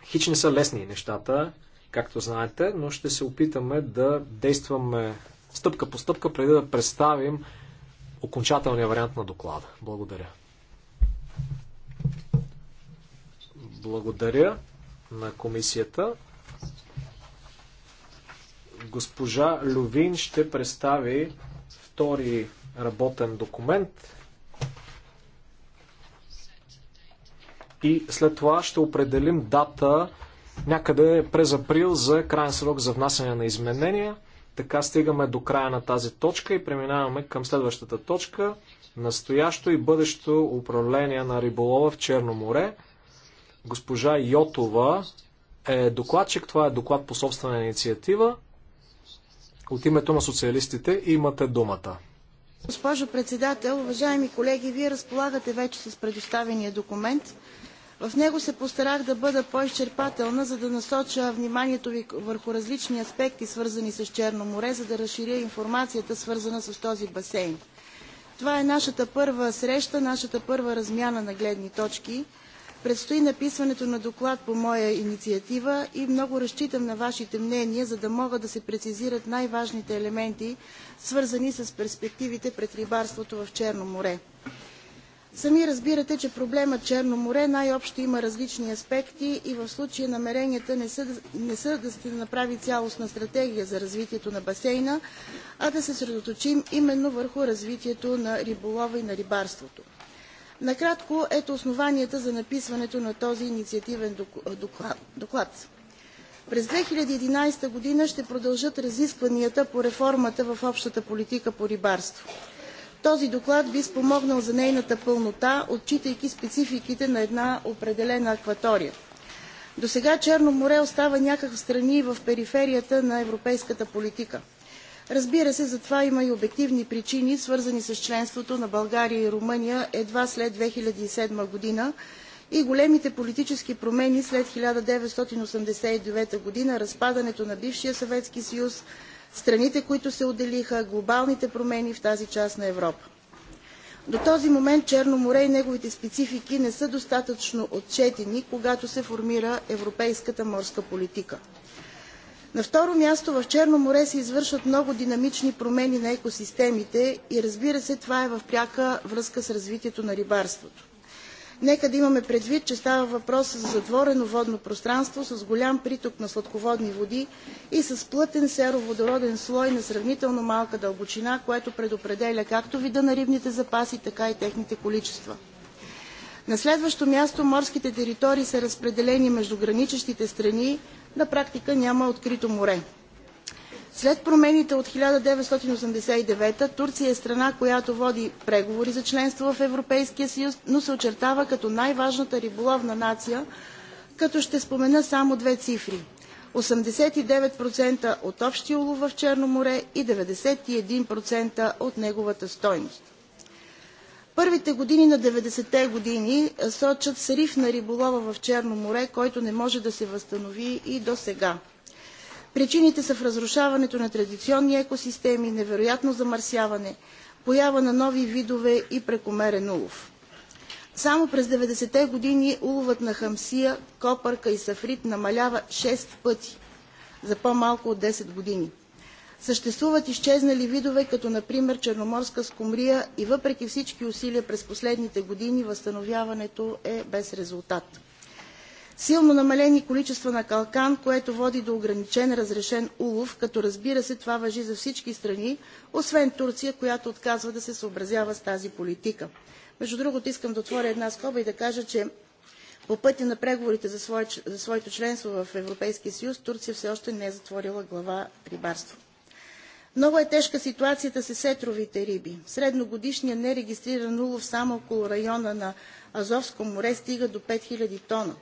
Хич не са лесни нещата, както знаете, но ще се опитаме да действаме стъпка по стъпка, преди да представим окончателния вариант на доклада. Благодаря. Благодаря на комисията. Госпожа Лювин ще представи втори работен документ и след това ще определим дата някъде през април за крайен срок за внасяне на изменения. Така стигаме до края на тази точка и преминаваме към следващата точка настоящо и бъдещо управление на риболова в Черно море. Госпожа Йотова е докладчик. Това е доклад по собствена инициатива. От името на социалистите имате думата. Госпожо председател, уважаеми колеги, вие разполагате вече с предоставения документ. В него се постарах да бъда по-изчерпателна, за да насоча вниманието ви върху различни аспекти, свързани с Черно море, за да разширя информацията, свързана с този басейн. Това е нашата първа среща, нашата първа размяна на гледни точки Предстои написването на доклад по моя инициатива и много разчитам на вашите мнения, за да могат да се прецизират най-важните елементи, свързани с перспективите пред рибарството в Черно море. Сами разбирате, че проблемът Черно море най-общо има различни аспекти и в случая намеренията не са, не са да се направи цялостна стратегия за развитието на басейна, а да се средоточим именно върху развитието на риболова и на рибарството. Накратко, ето основанията за написването на този инициативен доклад. През 2011 година ще продължат разискванията по реформата в общата политика по рибарство. Този доклад би спомогнал за нейната пълнота, отчитайки спецификите на една определена акватория. До сега Черно море остава някак в страни и в периферията на европейската политика – Разбира се, за това има и обективни причини, свързани с членството на България и Румъния едва след 2007 година и големите политически промени след 1989 година, разпадането на бившия Съветски съюз, страните, които се отделиха, глобалните промени в тази част на Европа. До този момент Черно море и неговите специфики не са достатъчно отчетени, когато се формира европейската морска политика – на второ място, в Черно море се извършват много динамични промени на екосистемите и разбира се, това е в пряка връзка с развитието на рибарството. Нека да имаме предвид, че става въпрос за затворено водно пространство с голям приток на сладководни води и с плътен сероводороден слой на сравнително малка дълбочина, което предопределя както вида на рибните запаси, така и техните количества. На следващо място, морските територии са разпределени между граничещите страни, на практика няма открито море. След промените от 1989 Турция е страна, която води преговори за членство в Европейския съюз, но се очертава като най-важната риболовна нация, като ще спомена само две цифри. 89% от общия улов в Черно море и 91% от неговата стойност. Първите години на 90-те години сочат срив на риболова в Черно море, който не може да се възстанови и до сега. Причините са в разрушаването на традиционни екосистеми, невероятно замърсяване, поява на нови видове и прекомерен улов. Само през 90-те години уловът на хамсия, копърка и сафрит намалява 6 пъти за по-малко от 10 години – Съществуват изчезнали видове, като например черноморска скумрия и въпреки всички усилия през последните години възстановяването е без резултат. Силно намалени количества на калкан, което води до ограничен разрешен улов, като разбира се това въжи за всички страни, освен Турция, която отказва да се съобразява с тази политика. Между другото искам да отворя една скоба и да кажа, че по пътя на преговорите за, свое, за своето членство в Европейския съюз Турция все още не е затворила глава рибарство. Много е тежка ситуацията с сетровите риби. Средногодишният нерегистриран улов само около района на Азовско море стига до 5000 тона.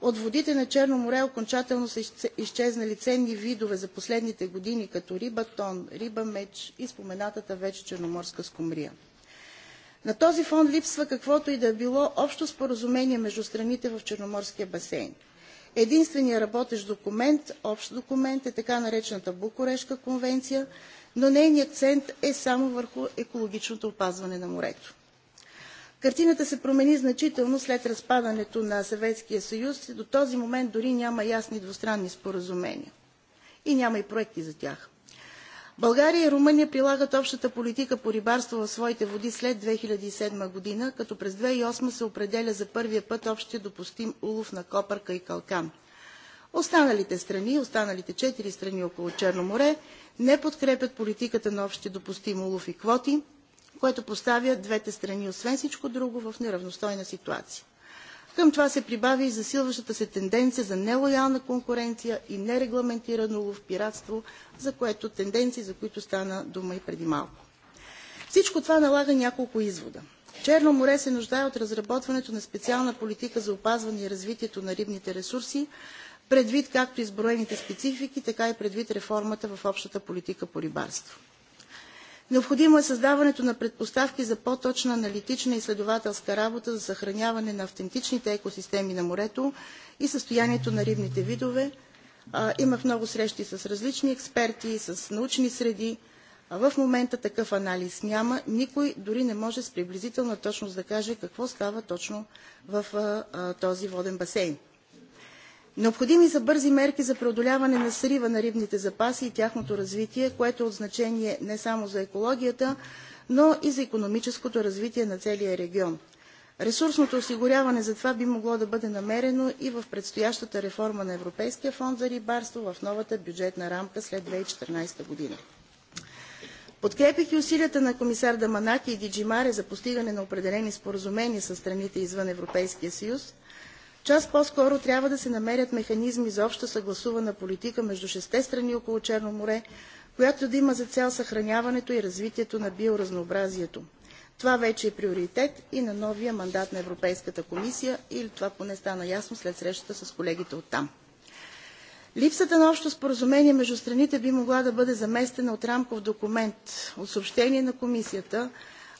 От водите на Черно море окончателно са изчезнали ценни видове за последните години, като риба тон, риба меч и споменатата вече черноморска скумрия. На този фон липсва каквото и да е било общо споразумение между страните в Черноморския басейн. Единственият работещ документ, общ документ е така наречената Букурешка конвенция, но нейният акцент е само върху екологичното опазване на морето. Картината се промени значително след разпадането на Съветския съюз и до този момент дори няма ясни двустранни споразумения. И няма и проекти за тях. България и Румъния прилагат общата политика по рибарство в своите води след 2007 година, като през 2008 се определя за първия път общия допустим улов на копърка и калкан. Останалите страни, останалите четири страни около Черно море, не подкрепят политиката на общия допустим улов и квоти, което поставя двете страни, освен всичко друго, в неравностойна ситуация. Към това се прибави и засилващата се тенденция за нелоялна конкуренция и нерегламентирано лов пиратство, за което тенденции, за които стана дума и преди малко. Всичко това налага няколко извода. Черно море се нуждае от разработването на специална политика за опазване и развитието на рибните ресурси, предвид както изброените специфики, така и предвид реформата в общата политика по рибарство. Необходимо е създаването на предпоставки за по-точна аналитична и следователска работа за съхраняване на автентичните екосистеми на морето и състоянието на рибните видове. Имах много срещи с различни експерти, с научни среди. В момента такъв анализ няма. Никой дори не може с приблизителна точност да каже какво става точно в този воден басейн. Необходими са бързи мерки за преодоляване на срива на рибните запаси и тяхното развитие, което е от значение не само за екологията, но и за економическото развитие на целия регион. Ресурсното осигуряване за това би могло да бъде намерено и в предстоящата реформа на Европейския фонд за рибарство в новата бюджетна рамка след 2014 година. Подкрепих усилията на комисар Даманаки и Диджимаре за постигане на определени споразумения с страните извън Европейския съюз, Част по-скоро трябва да се намерят механизми за обща съгласувана политика между шесте страни около Черно море, която да има за цел съхраняването и развитието на биоразнообразието. Това вече е приоритет и на новия мандат на Европейската комисия, или това поне стана ясно след срещата с колегите от там. Липсата на общо споразумение между страните би могла да бъде заместена от рамков документ, от съобщение на комисията,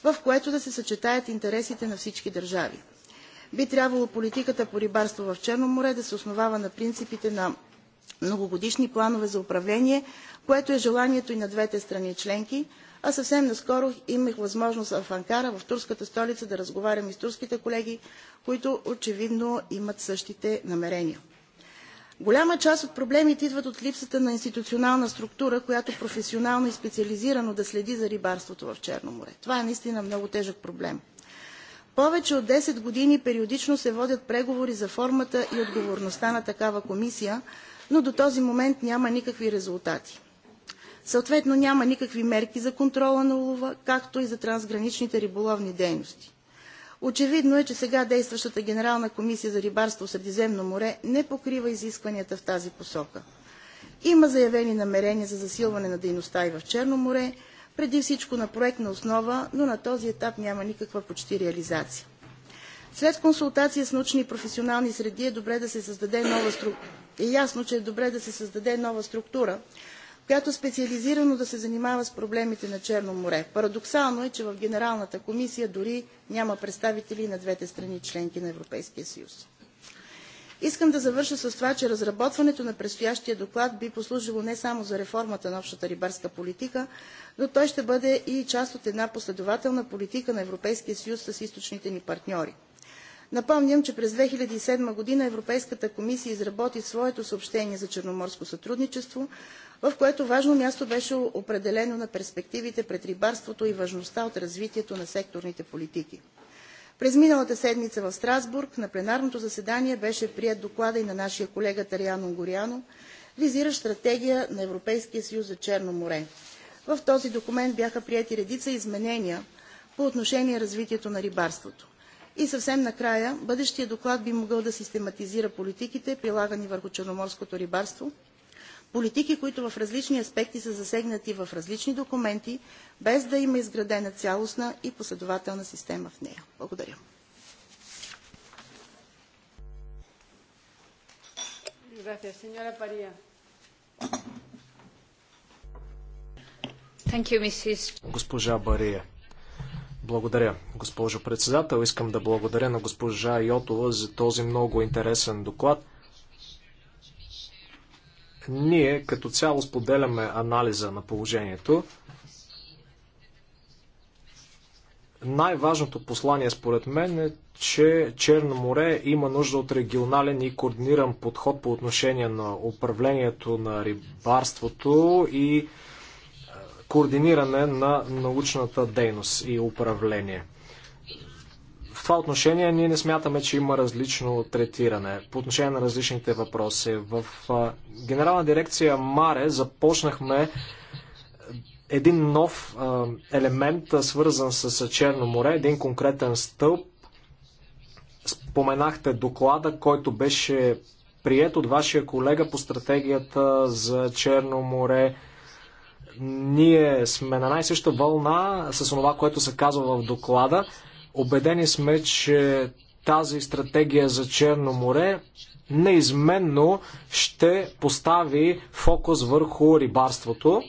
в което да се съчетаят интересите на всички държави. Би трябвало политиката по рибарство в Черно море да се основава на принципите на многогодишни планове за управление, което е желанието и на двете страни членки, а съвсем наскоро имах възможност в Анкара, в турската столица, да разговарям и с турските колеги, които очевидно имат същите намерения. Голяма част от проблемите идват от липсата на институционална структура, която професионално и специализирано да следи за рибарството в Черно море. Това е наистина много тежък проблем. Повече от 10 години периодично се водят преговори за формата и отговорността на такава комисия, но до този момент няма никакви резултати. Съответно няма никакви мерки за контрола на улова, както и за трансграничните риболовни дейности. Очевидно е, че сега действащата Генерална комисия за рибарство в Средиземно море не покрива изискванията в тази посока. Има заявени намерения за засилване на дейността и в Черно море, преди всичко на проектна основа, но на този етап няма никаква почти реализация. След консултация с научни и професионални среди е, добре да се създаде нова структура е ясно, че е добре да се създаде нова структура, която специализирано да се занимава с проблемите на Черно море. Парадоксално е, че в Генералната комисия дори няма представители на двете страни членки на Европейския съюз. Искам да завърша с това, че разработването на предстоящия доклад би послужило не само за реформата на общата рибарска политика, но той ще бъде и част от една последователна политика на Европейския съюз с източните ни партньори. Напомням, че през 2007 година Европейската комисия изработи своето съобщение за черноморско сътрудничество, в което важно място беше определено на перспективите пред рибарството и важността от развитието на секторните политики. През миналата седмица в Страсбург на пленарното заседание беше прият доклада и на нашия колега Тариан Унгоряно, визиращ стратегия на Европейския съюз за Черно море. В този документ бяха прияти редица изменения по отношение развитието на рибарството. И съвсем накрая, бъдещия доклад би могъл да систематизира политиките, прилагани върху черноморското рибарство – политики, които в различни аспекти са засегнати в различни документи, без да има изградена цялостна и последователна система в нея. Благодаря. Госпожа Бария. Благодаря, госпожо председател. Искам да благодаря на госпожа Йотова за този много интересен доклад. Ние като цяло споделяме анализа на положението. Най-важното послание според мен е, че Черно море има нужда от регионален и координиран подход по отношение на управлението на рибарството и е, координиране на научната дейност и управление това отношение ние не смятаме, че има различно третиране по отношение на различните въпроси. В Генерална дирекция Маре започнахме един нов елемент, свързан с Черно море, един конкретен стълб. Споменахте доклада, който беше прият от вашия колега по стратегията за Черно море ние сме на най-съща вълна с това, което се казва в доклада. Обедени сме, че тази стратегия за Черно море неизменно ще постави фокус върху рибарството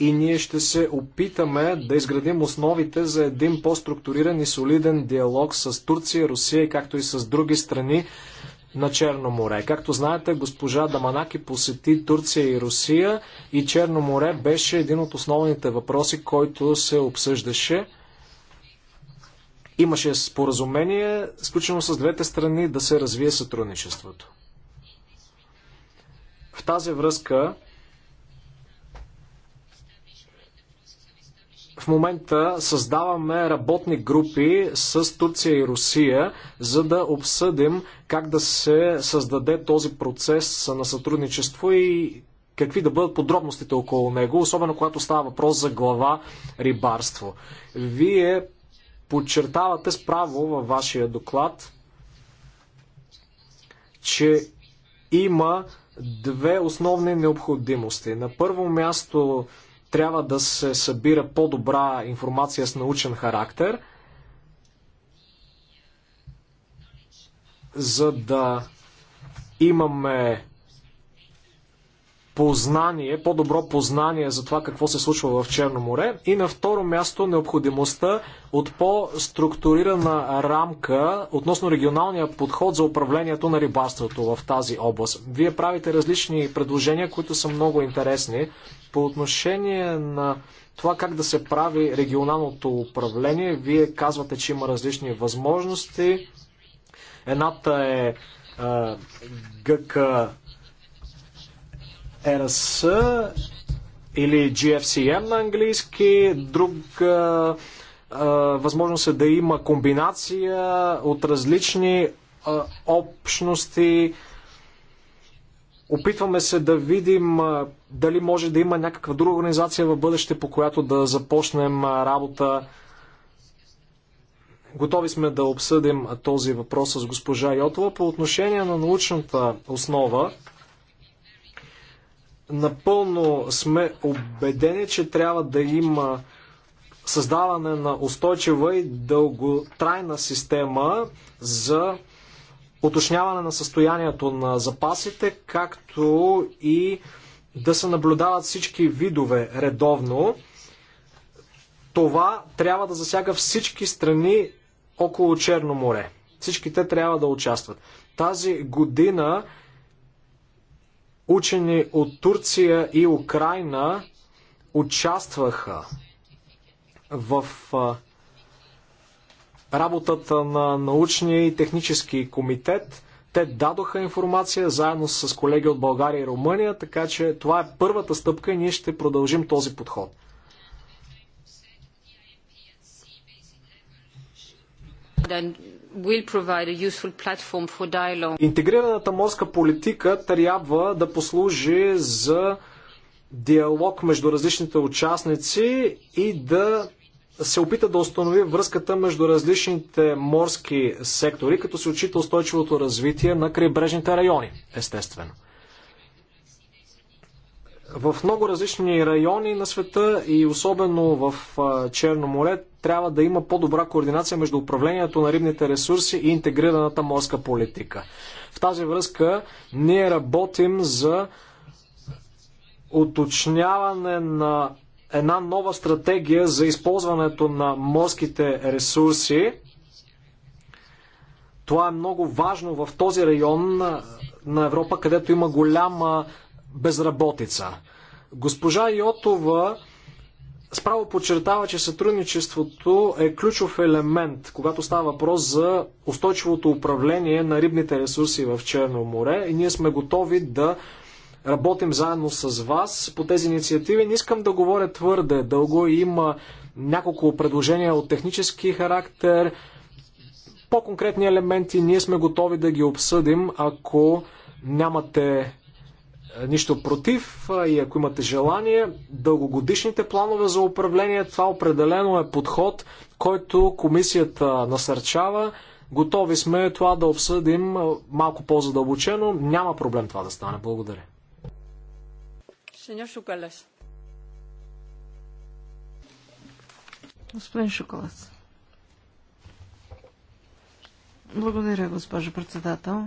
и ние ще се опитаме да изградим основите за един по-структуриран и солиден диалог с Турция, Русия, както и с други страни на Черно море. Както знаете, госпожа Даманаки посети Турция и Русия и Черно море беше един от основните въпроси, който се обсъждаше. Имаше споразумение, сключено с двете страни, да се развие сътрудничеството. В тази връзка в момента създаваме работни групи с Турция и Русия, за да обсъдим как да се създаде този процес на сътрудничество и какви да бъдат подробностите около него, особено когато става въпрос за глава рибарство. Вие Подчертавате справо във вашия доклад, че има две основни необходимости. На първо място трябва да се събира по-добра информация с научен характер, за да имаме познание, по-добро познание за това какво се случва в Черно море. И на второ място необходимостта от по-структурирана рамка относно регионалния подход за управлението на рибарството в тази област. Вие правите различни предложения, които са много интересни. По отношение на това как да се прави регионалното управление, вие казвате, че има различни възможности. Едната е, е ГК е РС или GFCM на английски. а, възможност е да има комбинация от различни общности. Опитваме се да видим дали може да има някаква друга организация в бъдеще, по която да започнем работа. Готови сме да обсъдим този въпрос с госпожа Йотова. По отношение на научната основа, Напълно сме убедени, че трябва да има създаване на устойчива и дълготрайна система за уточняване на състоянието на запасите, както и да се наблюдават всички видове редовно. Това трябва да засяга всички страни около Черно море. Всички те трябва да участват. Тази година учени от Турция и Украина участваха в работата на научния и технически комитет. Те дадоха информация заедно с колеги от България и Румъния, така че това е първата стъпка и ние ще продължим този подход. Then Интегрираната морска политика трябва да послужи за диалог между различните участници и да се опита да установи връзката между различните морски сектори, като се очита устойчивото развитие на крайбрежните райони, естествено в много различни райони на света и особено в Черно море трябва да има по-добра координация между управлението на рибните ресурси и интегрираната морска политика. В тази връзка ние работим за уточняване на една нова стратегия за използването на морските ресурси. Това е много важно в този район на Европа, където има голяма безработица. Госпожа Йотова справо подчертава, че сътрудничеството е ключов елемент, когато става въпрос за устойчивото управление на рибните ресурси в Черно море и ние сме готови да работим заедно с вас по тези инициативи. Не искам да говоря твърде дълго. Има няколко предложения от технически характер. По-конкретни елементи ние сме готови да ги обсъдим, ако нямате нищо против и ако имате желание, дългогодишните планове за управление, това определено е подход, който комисията насърчава. Готови сме това да обсъдим малко по-задълбочено. Няма проблем това да стане. Благодаря. Господин Шукалас. Благодаря, госпожо председател.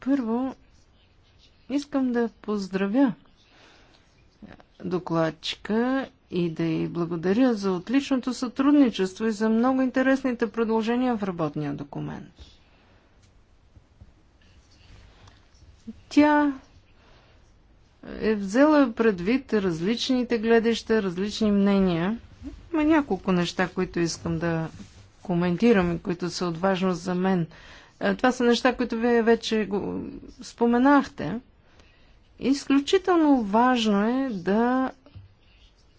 Първо, искам да поздравя докладчика и да й благодаря за отличното сътрудничество и за много интересните предложения в работния документ. Тя е взела предвид различните гледаща, различни мнения. Има няколко неща, които искам да коментирам и които са отважно за мен – е, това са неща, които вие вече го споменахте. Изключително важно е да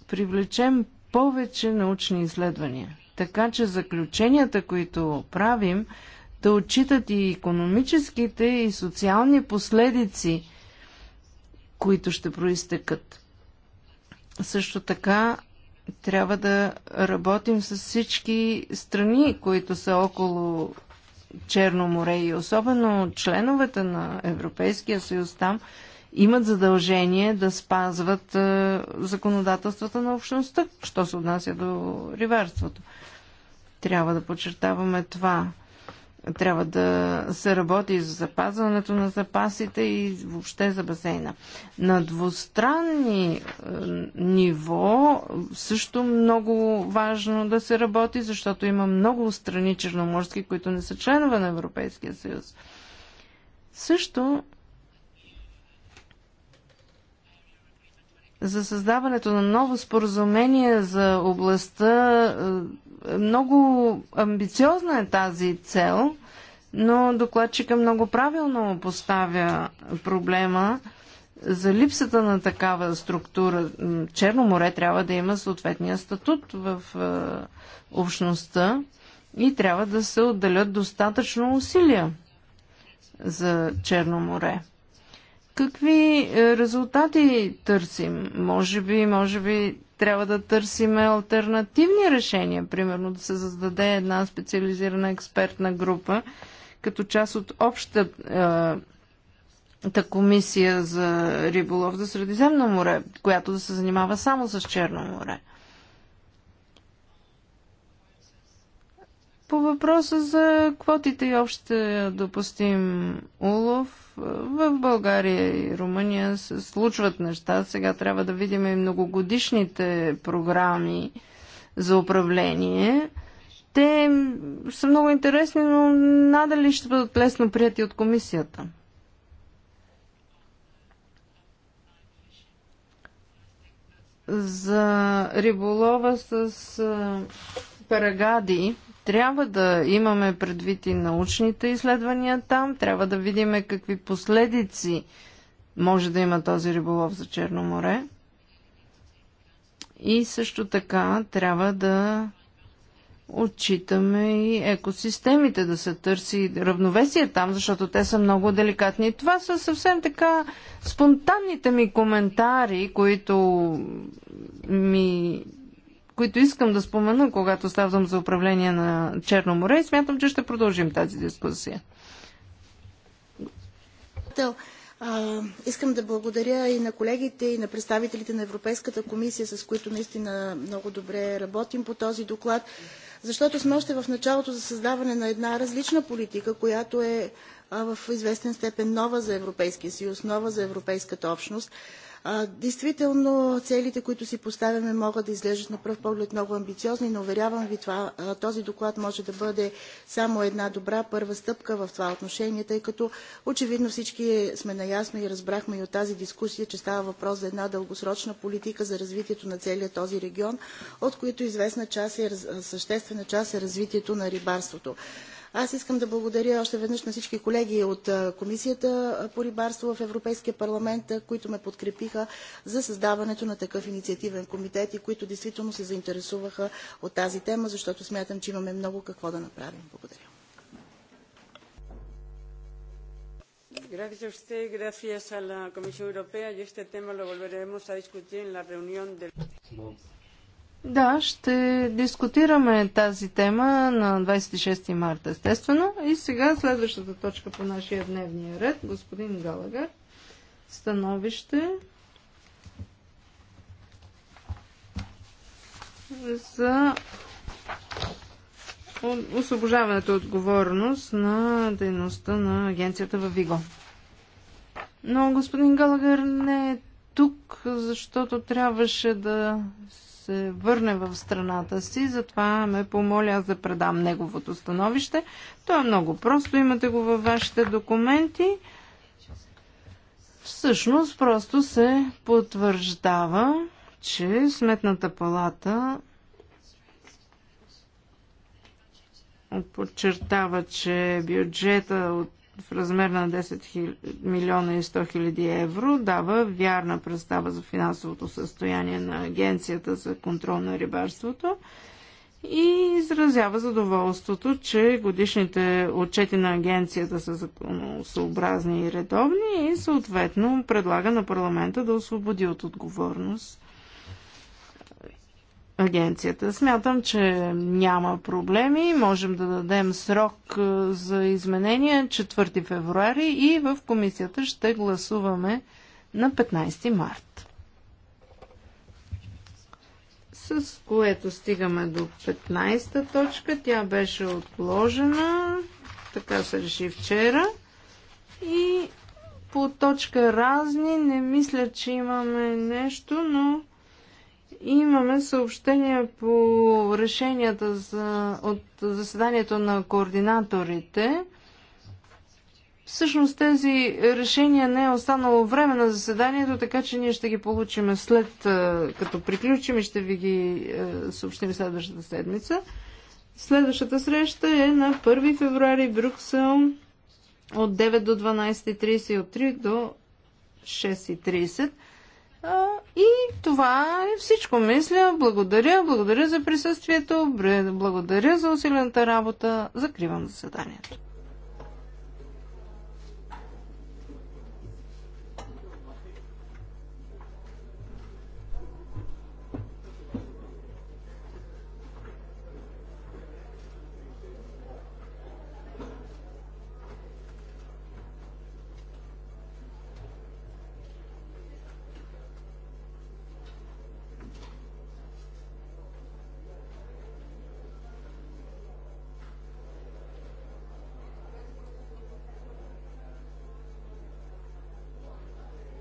привлечем повече научни изследвания. Така че заключенията, които правим, да отчитат и економическите и социални последици, които ще проистекат. Също така трябва да работим с всички страни, които са около Черно море и особено членовете на Европейския съюз там имат задължение да спазват е, законодателствата на общността, що се отнася до риварството. Трябва да подчертаваме това. Трябва да се работи за запазването на запасите и въобще за басейна. На двустранни е, ниво също много важно да се работи, защото има много страни черноморски, които не са членове на Европейския съюз. Също за създаването на ново споразумение за областта е, много амбициозна е тази цел, но докладчика много правилно поставя проблема за липсата на такава структура. Черно море трябва да има съответния статут в е, общността и трябва да се отделят достатъчно усилия за Черно море. Какви е, резултати търсим? Може би, може би трябва да търсим альтернативни решения, примерно да се създаде една специализирана експертна група, като част от общата е, комисия за риболов за Средиземно море, която да се занимава само с Черно море. По въпроса за квотите и общите допустим улов, в България и Румъния се случват неща. Сега трябва да видим и многогодишните програми за управление. Те са много интересни, но надали ще бъдат лесно прияти от комисията. За риболова с парагади трябва да имаме предвид и научните изследвания там, трябва да видим какви последици може да има този риболов за Черно море. И също така трябва да отчитаме и екосистемите, да се търси равновесие там, защото те са много деликатни. Това са съвсем така спонтанните ми коментари, които ми които искам да спомена, когато ставам за управление на Черно море и смятам, че ще продължим тази дискусия. А, искам да благодаря и на колегите, и на представителите на Европейската комисия, с които наистина много добре работим по този доклад, защото сме още в началото за създаване на една различна политика, която е а, в известен степен нова за Европейския съюз, нова за Европейската общност. А, действително, целите, които си поставяме, могат да изглеждат на пръв поглед много амбициозни, но уверявам ви, това, този доклад може да бъде само една добра първа стъпка в това отношение, тъй като очевидно всички сме наясно и разбрахме и от тази дискусия, че става въпрос за една дългосрочна политика за развитието на целия този регион, от които известна част е, съществена част е развитието на рибарството. Аз искам да благодаря още веднъж на всички колеги от Комисията по рибарство в Европейския парламент, които ме подкрепиха за създаването на такъв инициативен комитет и които действително се заинтересуваха от тази тема, защото смятам, че имаме много какво да направим. Благодаря. Gracias a usted, gracias a la Comisión Europea y este tema lo volveremos a discutir en la reunión del... Да, ще дискутираме тази тема на 26 марта, естествено. И сега следващата точка по нашия дневния ред, господин Галагар. Становище за освобождаването от отговорност на дейността на агенцията във Виго. Но господин Галагър не е тук, защото трябваше да се върне в страната си, затова ме помоля аз да предам неговото становище. То е много просто, имате го във вашите документи. Всъщност просто се потвърждава, че Сметната палата подчертава, че бюджета от в размер на 10 милиона и 100 хиляди евро дава вярна представа за финансовото състояние на Агенцията за контрол на рибарството и изразява задоволството, че годишните отчети на агенцията са законосъобразни и редовни и съответно предлага на парламента да освободи от отговорност агенцията. Смятам, че няма проблеми. Можем да дадем срок е, за изменение 4 февруари и в комисията ще гласуваме на 15 март. С което стигаме до 15-та точка. Тя беше отложена. Така се реши вчера. И по точка разни не мисля, че имаме нещо, но Имаме съобщения по решенията за, от заседанието на координаторите. Всъщност тези решения не е останало време на заседанието, така че ние ще ги получим след е, като приключим и ще ви ги е, съобщим следващата седмица. Следващата среща е на 1 февруари Брюксел от 9 до 12.30 и от 3 до 6.30. И това е всичко, мисля. Благодаря, благодаря за присъствието, благодаря за усилената работа. Закривам заседанието.